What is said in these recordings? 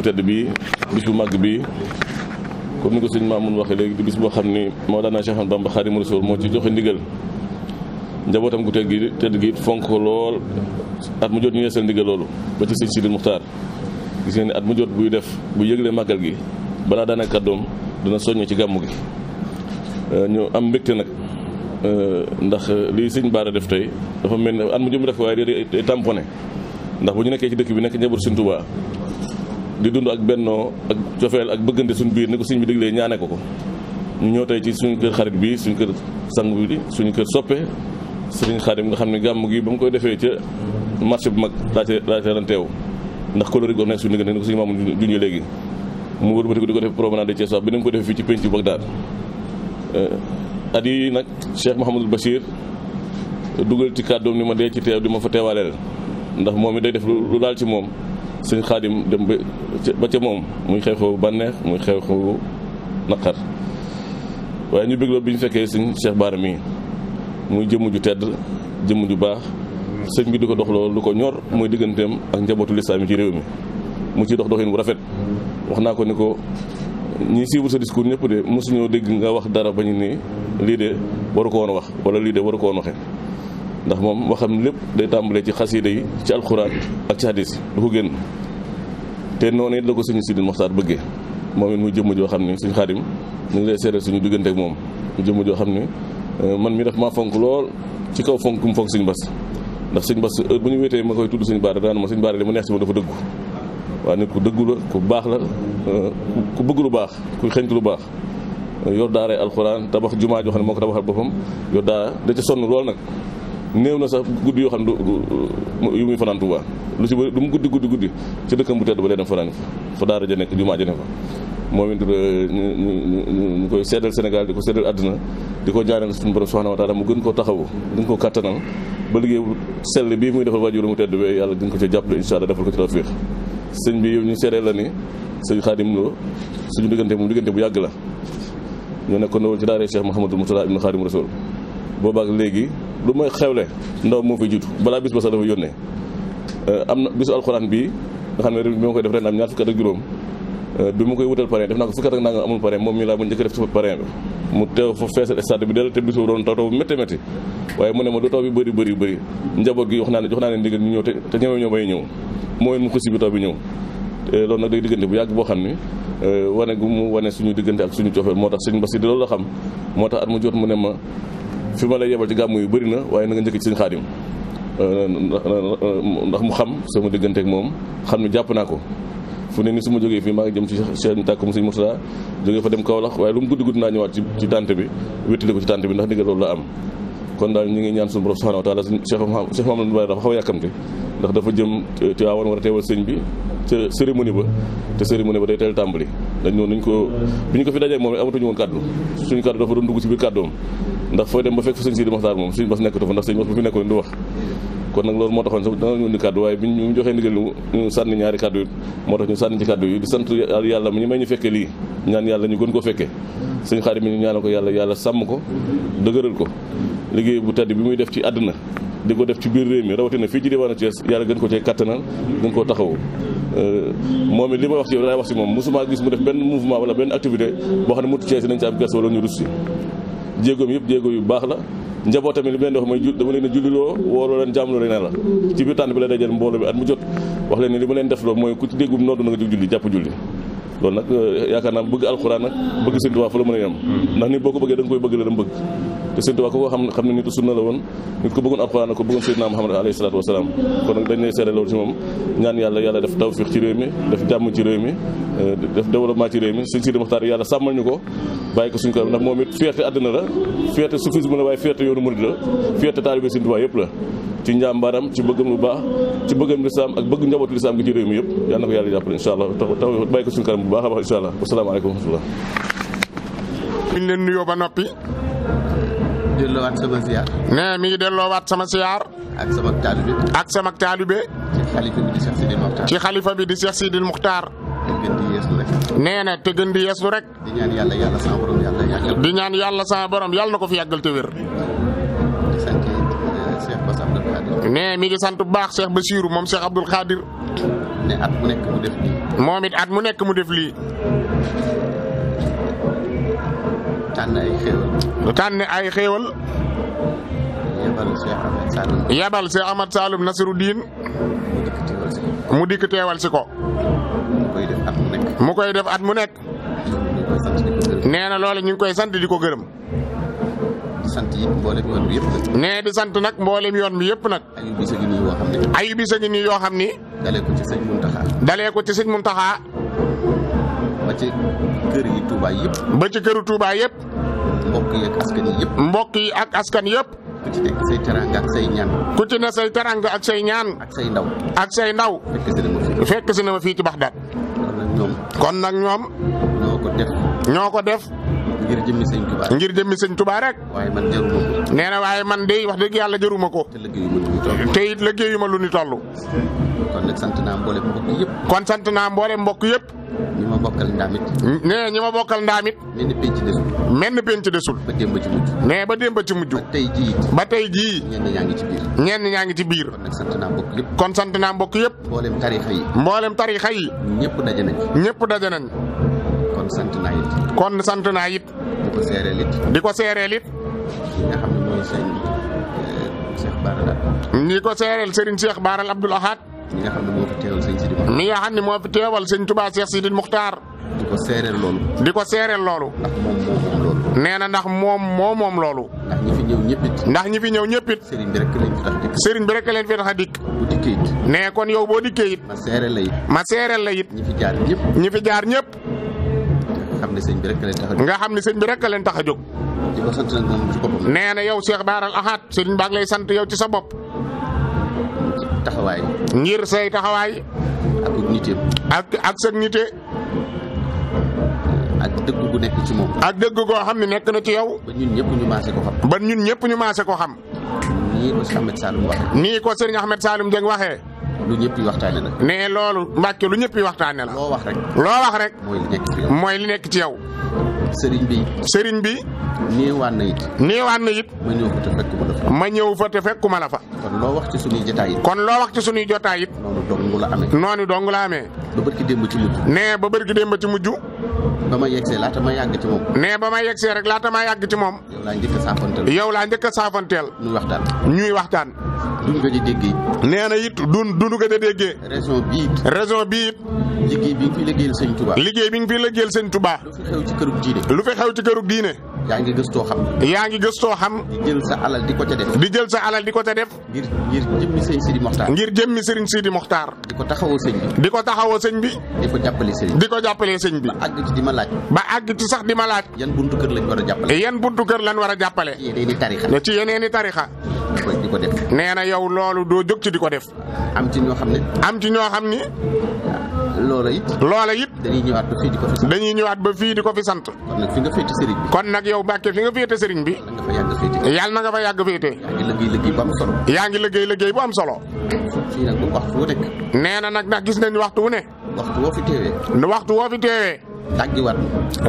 bu tedd bi bis bu màgg bi comme ni ko sëñ Mamoun waxee léegi di bis boo xam ni Mawlana Cheikh Ahmadou Bamba Khadimu Rasul moo ci joxe ndigal njabootam gu tedd gi tedd gi it fonk lool at mu jot ñu yeesal ndigal loolu ba ci sëñ Sidil Muxtaar gis ngeen at mu jot buy def bu yëgle màggal gi balaa daanaka kàddoom dina soññ ci gàmmu gi euh, ñu am mbégte nag euh, ndax lii sëñ Baara def tey dafa mel ne at mu jot mu def ko waaye day tamponné ndax bu ñu nekkee ci dëkk bi nekk njaboot di dund ak bennoo ak cofeel ak bëggante suñu biir ni ko sëñ bi déglee ñaane ko ko ñu ñëw tey ci suñu kër xarit bi suñu kër sang bi suñu kër soppe sëriñ xarim nga xam ne gàmm gi ba mu koy defee ca marché bu mag laajte laajte lan ndax colori go nekk suñu diggante ni ko sëñ maamu junjee léegi mu wër bëti ko di ko def promenade Thiès bi ni mu ko defee fii ci penc Bagdad euh, at yi nag Cheikh Mouhamadul Bachir dugal ci kàddoom ni ma dee ci teew di ma fa teewaaleel ndax moom it day def lu daal ci moom suñ xaadim dem ba ca moom muy xew-xew bànneex muy xew-xew naqar waaye ñu bégloo bi ñu fekkee suñ Cheikh Bara mi muy jëmm ju tedd jëmm ju baax sëñ bi du ko dox loolu lu ko ñor muy digganteem ak njabootu lislaam yi ci réew mi mu ci dox doxin bu rafet wax naa ko ni ko ñi suivre sa discours ñëpp de mësuñoo dégg nga wax dara ba ñu ni lii de waru ko woon wax wala lii de waru ko woon waxe ndax moom waxam lépp day tàmbalee ci xasiida yi ci alxuraan ak ci hadis du ko génn te noonu it la ko suñu sidil moxtaar bëggee moom it muy jëmm joo xam ne suñu xaadim ñu ngi lay seeral suñu diggante ak moom mu jëmm joo xam ne euh, man mi daf maa fonk lool ci kaw fonk mu fonk suñu bas ndax suñu bas heure bu ñu wéetee ma koy tudd suñu baara daan ma suñu baara li ma neex si ma dafa dëggu waaw nit ku dëggu la ku baax la euh, ku bëgg lu baax ku xeñtu lu baax yor daaray alxuraan tabax jumaa joo xam ne moo ko tabaxal boppam yor daa da ca sonn lool nag néew na sax guddi yoo xam ne du yu muy fanaan lu ci bëri mu guddi guddi guddi ci dëkkam bu tedd ba lee dem fanaan fa daara ja nekk jumaa ja ne fa moom it euh, ñu koy seddal Sénégal di ko seddal àddina di ko jaanal suñu borom subhanahu wa taala mu gën koo taxawu gën koo kattanal ba liggéey sell bii muy defal waajur mu tedd bee yàlla gën ko ci jàppale insha allah defal ko ci tawfiix sëñ bi yow ñu seedeel la ni sëñ Xaadim Lo suñu diggante moom diggante bu yàgg la ñoo nekkoon woon ci daaree Cheikh Mouhamadul Mourtada ibnu Xaadim Rasul boobaak léegi lu may xewle ndaw mo fi jitu bala bis ba sa dafa yone euh amna bisu alxuraan bi nga xamne ne bi ma koy def ren am ñaar fukki at ak juróom eh, bi ma koy wutal parrain def naa ko fukki ak nangam amul parrain mom mi la bu njëkk def ci parrain bi mu teew fu fessel stade bi del te bisu doon taw taw bu métti métti waaye mu ne ma do taw bi bëri bëri bëri njabot gi wax na jox na ne ndigal ñu ñëw te te ñew ñew bay ñew moy mu xusi bi taw bi ñew euh lool nak day digënde bu yàgg bo xamni euh wané gu mu wané suñu digënde ak suñu coofeel motax tax sëñ Bass di loolu la xam motax at mu jot mu ne ma fi ma lay yebal ci gàmmu yu bëri na waaye na nga njëkk ci sëñ xaadim euh, ndax mu xam sama digganteek moom xam ne jàpp naa ko fu ne ni su ma jógee fii maa ngi jëm ci seen tàkkum sëñ Murtada jógee fa dem Kaolack waaye lu mu guddi guddi naa ñëwaat ci tànt bi wéttali ko ci tànt bi ndax ndigal loolu la am kon daal ñu ngi ñaan suñu borom subhanahu wa taala suñ Cheikh Mamadou Bara dafa xaw a yàkkamte ndax dafa jëm ci waawoon war a teewal sëñ bi ca cérémonie ba te cérémonie ba day teel tàmbali dañ noonu nañ ko bi ñu ko fi dajee moom amatuñu woon kàddu suñu kàddu dafa doon dugg ci biir ndax foo dem ba fekk fa sëñ Sidi Moxtaar moom sëñ Bass nekkatu fa ndax sëñ Bass bu fi nekkoon du wax kon nag loolu moo taxoon sax dana ñu ñaari kàddu yi moo tax ñu may ñu fekkee lii ñaan yàlla ñu gën ko fekkee sëñ Xaadim mi ñu yàlla yàlla sàmm ko dëgëral ko liggéey bu tedd bi muy def ci àdduna di ko def ci biir réew mi rawatina fii ci diwaanu Thiès yàlla gën ko cee kattanal gën koo taxawu euh, moom it li may wax ci yow daay wax ci moom musuma gis mu def benn mouvement wala benn activité boo xam ne mutu Thiès nañ ci am gerte wala ñu jéegoom yëpp jéego yu baax la njabootam li leen di mooy dama leen a loo wooloo leen jàmmloo leen la ci biir tànn bi la dajeel mbooloo bi at mu jot wax leen ni li ma leen def loo mooy ku ci déggum noddu na nga jóg julli jàpp julli loolu nag euh, yaakaar naa bëgg alxuraan nag bëgg sëñ Tuubaa la mën a yem ndax ni boo ko bëggee da koy bëgg la dama bëgg te Sëñ Tuubaa ko xam xam ne nitu sunna la woon nit ko bëggoon alxuraan ko bëggoon Seydina Muhammad alayhi salaatu wa salaam kon nag dañ lay seere loolu ci moom ñaan yàlla yàlla def tawfiq ci réew mi def jàmm ci réew mi euh, def développement ci réew mi Sëñ Sidi Muxtaar yàlla sàmmal ñu ko bàyyi ko suñ ko ndax moom it fierté àddina la fierté soufisme la waaye fierté yoonu murid la fierté taalibe Sëñ Tuubaa yëpp la ci njàmbaaram ci bëggam lu baax ci bëggam lislaam ak bëgg njabootu lislaam gi ci réew mi yëpp yàlla na ko yàlla jàppale incha allah taw bàyyi ko suñu kanam bu baax a baax incha allah wasalaamaaleykum wa rahmatullah. ñu leen nuyoo ba noppi delloowaat sama ziar. nee mi ngi delloowaat sama ziar. ak sama taalibe. ak sama taalibe. ci xalifa bi di Cheikh Sidi Mokhtar. ci xalifa bi di Cheikh Sidi Mokhtar. nee na te gën di yeeslu rek. di ñaan yàlla yàlla sama borom yàlla yàggal ko. di ñaan yàlla sama borom yàlla na ko fi yàggal te wér. Eh, nee mi ngi sant bu baax Cheikh Bassirou moom Cheikh Abdoul Khadir. ne at mu nekk mu def lii. moom at mu nekk mu def lii tànn ay xewal yabal Cheikh ahmad salum Nasruddin. mu dik teewal ci ko. mu koy def at mu nek neena lolou ñu ngi koy sante diko ko sante yi sant yoon yëpp. di sante nak mbolem yoon mi yëpp nak ayu bi gi ni yo xamni ne. ko ci sëñ muntaha dalee ko ci sëñ muntaha ba ci keur yi Touba yëpp. ba ci këru Touba yëpp. mbokk yi ak askan yëpp. mbokk yi ak askan yëpp. ne say teranga ak say ñaan. ku ci ne say teranga ak say ñaan. ak say ndaw. ak say ndaw. fekk si na ma fii ci Baxdaad. kon nag ñoom. ñoo ko def. ñoo ko def. ngir jëmmi sëñ Touba ngir jëmmi sëñ Touba rek. waaye man jaruma nee na waaye man de wax dëgg yàlla jaruma ko. te liggéeyuma lu ni toll. te it liggéeyuma lu ni toll. kon nag sant naa mboole mbokk yëpp. sant naa mboole mbokk yëpp. ñi ma bokkal ndaamit. nee ñi ma bokkal ndaamit. menn penc desul. menn penc ba démb ci mujj. nee ba démb ci mujj. ba tey jii. ba tey jii. ñenn ngi ci biir. ñenn ñaa ngi ci biir. kon sant naa mbokk yëpp. kon sant mboolem tariixa yi. mboolem tariixa yi. ñëpp daje nañ. sant naa it. kon sant naa it. di ko seereel it. di ko seereel it. ki xam ne mooy sëñ eh, ko seereel Serigne Cheikh Baral Abdoul Ahad. mi nga xam ne moo fi teewal sëñ Sidi Muxtaar. Sidi Muxtaar. di ko seereel loolu. nee na ndax moom moo moom loolu. ndax ñi fi ñëw ñëpp it. bi rek lañ fi tax dikk. Serigne bi rek lañ fi tax dikk. bu kon yow boo dikkee it. ma seereel la it. ñi fi jaar ñëpp. xam ne sëñ bi nga xam ne sëñ bi rek a leen tax a jóg. di ko sant nag moom ci boppam. na yow Cheikh Baara Ahad sëñ baa ngi lay sant yow ci sa bopp. taxawaay. ngir say taxawaay. ak nite. ak ak sa nite. ak gu nekk ci moom. ak dëgg goo xam ne nekk na ci yow. ba ñun ñëpp ñu maase ko xam. ba ñun ñëpp ñu maase ko xam. nii ko sëñ Ahmed Saloum waxee. nii lu ñëpp yi waxtaane la. ne loolu Mbàkke lu ñëpp yi waxtaane la. loo wax rek. loo wax mooy li nekk ci yow. sëriñ bi. sëriñ bi. néewaan na it. néewaan na it. ma ñëw fa te fekkuma la ma ñëw fa te fekkuma la fa. kon loo wax ci suñuy jotaay kon loo wax ci suñuy jotaay it. noonu dong la amee. noonu dong la amee. ba bërki démb ci mujj. nee ba bërki démb ci mujj. ba ma yegsee laata ma yàgg ci moom. nee ba ma yegsee rek laata ma yàgg ci moom. yow laa njëkk a saafanteel. yow ñuy waxtaan. ñuy waxtaan. duñ ko di déggee. nee na it duñ duñ bii it. raison bii it. liggéey bi nga fi liggéeyal sëñ Touba. liggéey bi nga fi liggéeyal sëñ Touba. lu fi xew ci kërug diine. lu fi xew xam. yaa ngi gëstoo xam. di jël sa alal di ko ca def. di jël sa alal di ko ca def. ngir ngir jëmmi sëñ Sidi Mokhtar. ngir jëmmi sëriñ Sidi Mokhtar. di ko taxawoo bi. di ko taxawoo bi. di ko jàppale sëñ bi. di ko jàppale bi. ba àgg ci di ma laaj. ba àgg ci sax di ma laaj. yan buntu kër lañ war a jàppale. yan buntu kër lañ war a jàppale. ci yeneeni tarixa. ci yeneeni tarixa. di ko def. nee na yow loolu doo jóg ci di def. am ci ñoo xam am ci ñoo xam loola it. loola it. dañuy ñëwaat ba fii di ko fi sant. dañuy ñëwaat ba fii ko fi sant. kon nag fi nga féete sëriñ bi. kon nag yow Mbacke fi nga féete sëriñ bi. yàlla na nga fa yàgg féete. yàlla yaa ngi liggéey liggéey bu am solo. yaa ngi liggéey liggéey bu am solo. nag waxtu wu nee na nag ndax gis nañ waxtu wu ne. waxtu woo waxtu woo fi teewee. daggiwat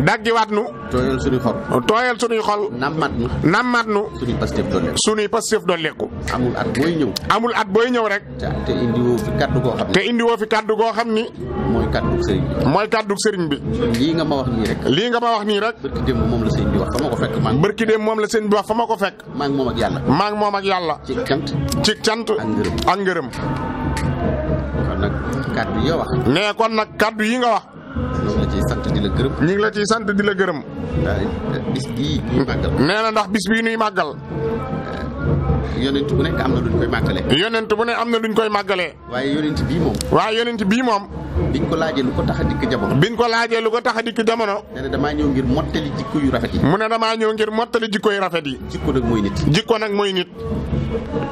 daggiwat nu tooyal suñuy xol tooyal suñuy xol Namat nu namat nu suñuy pastef dolleeku suñuy pastef dolleeku amul at booy ñëw amul at booy ñëw rek te indi woo fi kaddu goo xam te indi woo fi kaddu goo xam ni mooy kaddu sëriñ bi mooy kaddu sëriñ bi lii nga ma wax nii rek lii nga ma wax nii rek barki dem moom la sëriñ bi wax fa ma ko fekk maa barki dem moom la sëriñ bi wax fa ko fekk maa ngi ak yàlla maa ngi ak yàlla ci cant ci cant ak ngërëm kon nag kaddu yi wax nee kon nag kaddu yi nga wax ñu ngi la ciy sant di la gërëm. ñu la ciy sant di la gërëm. Eh, bis bii nee na ndax bis bii ñuy màggal. Eh, yonent bu nekk am na luñ koy màggalee. yonent bu ne am na luñ koy màggalee. waaye yonent bii moom. waaye yonent bii moom. biñ ko laajee lu ko tax a dikk jamono. biñ ko laajee lu ko tax a dikk jamono. nee na damaa ñëw ngir mottali jikko yu rafet yi. mu ne damaa ñëw ngir mottali jikko yu rafet yi. jikko nag mooy nit. jikko nag mooy nit.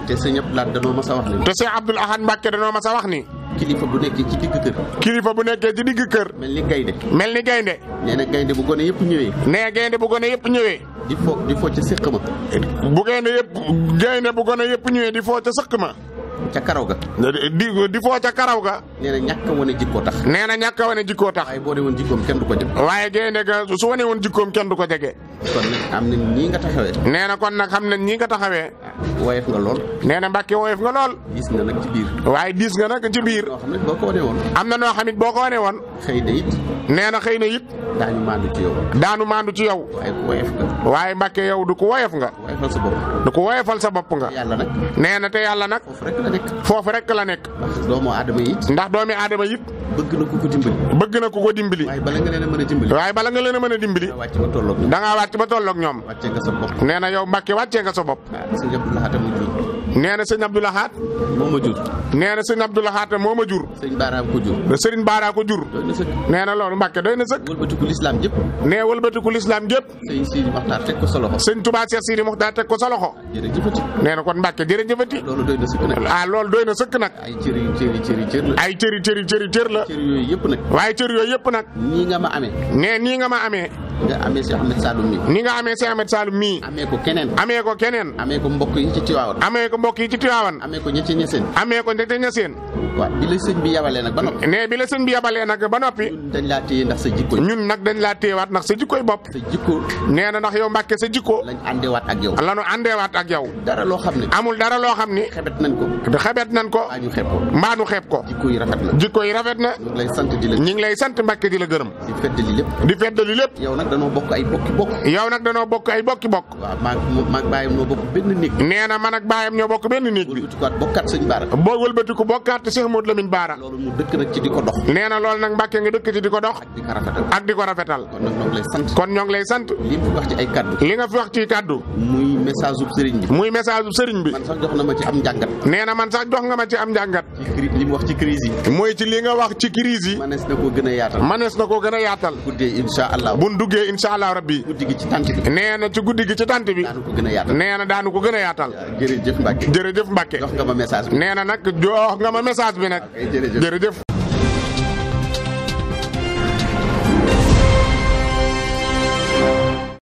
te sëñ Abdou Lahad danoo ma sa wax ni te sëñ Abdoul Ahad Mbacke danoo ma sa wax ni kilifa bu nekkee ci digg kër kilifa bu nekkee ci digg kër mel ni gaynde mel ni gaynde nee na gaynde bu gone yëpp ñëwee nee gaynde bu gone yëpp ñëwee di fo di fo ca sëq ma bu gaynde yëpp gaynde bu gone yëpp ñëwee di fo ca sëq ma ca karaw ga di di foo ca karaw ga nee na ñàkk a wane jikkoo tax nee na ñàkk a wane jikkoo tax waaye boo ne woon jikkoom kenn du ko jege waaye gaynde ga su wane woon jikkoom kenn du ko jege kon nag am nañ nii nga taxawee. nee na kon nag xam nañ nii nga taxawee. Ah, woyof nga lool. nee na Mbàkke woyof nga lool. waaye diis nga nag ci biir. waaye diis nga nag ci biir. am na noo xam ne boo ko wane woon. xëy na it. nee na xëy na it. daanu maandu ci yow. daanu maandu ci yow. waaye ku yow du ko woyof nga. woyofal sa bopp. du ko woyofal sa bopp nga. yàlla nag. na te yàlla nag. foofu rek la nekk. foofu rek la nekk. ndax doomu aadama it. bëgg na ku ko dimbali. bëgg na ku ko dimbali. waaye bala nga leen a mën a dimbali. waaye bala nga leen a mën a dimbali. da ngaa wàcc ba tolloog ñoom. wàccee nga sa bopp. nee na yow nee na sëñ Abdou Lahad. ma jur. nee na sëñ Abdou Lahad moo ma jur. sëñ Baara ko jur. da sëriñ Baara ko jur. nee na loolu Mbàkke doy na sëkk. wëlbatiku lislaam jëpp. nee wëlbatiku lislaam jëpp. sëñ Sidi Moxtaar teg ko sa loxo. sëñ Touba Cheikh Sidi Moxtaar teg na kon doy na sëkk nag. ah loolu doy na sëkk nag. ay cëri cëri cëri ay cëri cëri cëri cër la. cër yooyu yëpp nag. waaye cër yooyu yëpp nag. nii nga ma amee. nii nga ma amee. nga amee Cheikh Ahmed mii. ni nga amee se Ahmed Saloum mii. amee ko keneen. amee ko keneen. amee ko mbokk yi ko mbokk yi ci Tiwaawan. amee ko ñetti ñeseen. amee ko ñetti ñeseen. waaw bi la sëñ bi yabalee nag ba noppi. nee bi la sëñ bi yabalee nag ba noppi. ñun dañ laa téye ndax sa jikko ñun nag dañ laa téyewaat ndax sa jikkoy sa jikko. nee na ndax yow Mbàkke sa jikko. lañ àndewaat ak yow. lañu xam ne. amul dara loo xam ne. xebet nañ ko. xebet nañ ko. mbaa ñu xeeb ko. mbaa ko. jikko yi na. jikko yi rafet na. ñu lay sant di la. ñu ngi lay sant Mbàkke di la gërëm. di feddali lépp. di feddali lépp. yow nag danoo bokk ay bokki bokk. yow nag danoo bokk ay bokki bokk. waaw maa maa bàyyam noo man ak bàyyam ñoo bokk benn nih bi bokkaat sëñ Baara boo wëlbati ko bokkaat Cheikh Modou Lamine Baara di ko dox nee na loolu nag Mbàkke nga dëkk ci di ko dox ak di ko rafetal kon ñoo ngi lay sant li nga fi wax ci ay kàddu li nga fi muy message sëriñ bi na ma ci am njàngat nee na man sax jox nga ma ci am njàngat mooy ci li nga wax ci crise yi manees na koo gën a yaatal manees na koo gën a yaatal guddee insha allah buñ duggee insha allah rabbi guddi gi ci tànt bi nee na ci guddi gi ci tànt bi nee na daanu ko gën a yaatal jërëjëf Mbàkke jërëjëf Mbacke. jox nga ma message bi nee na nag jox nga ma message bi nag. jërëjëf.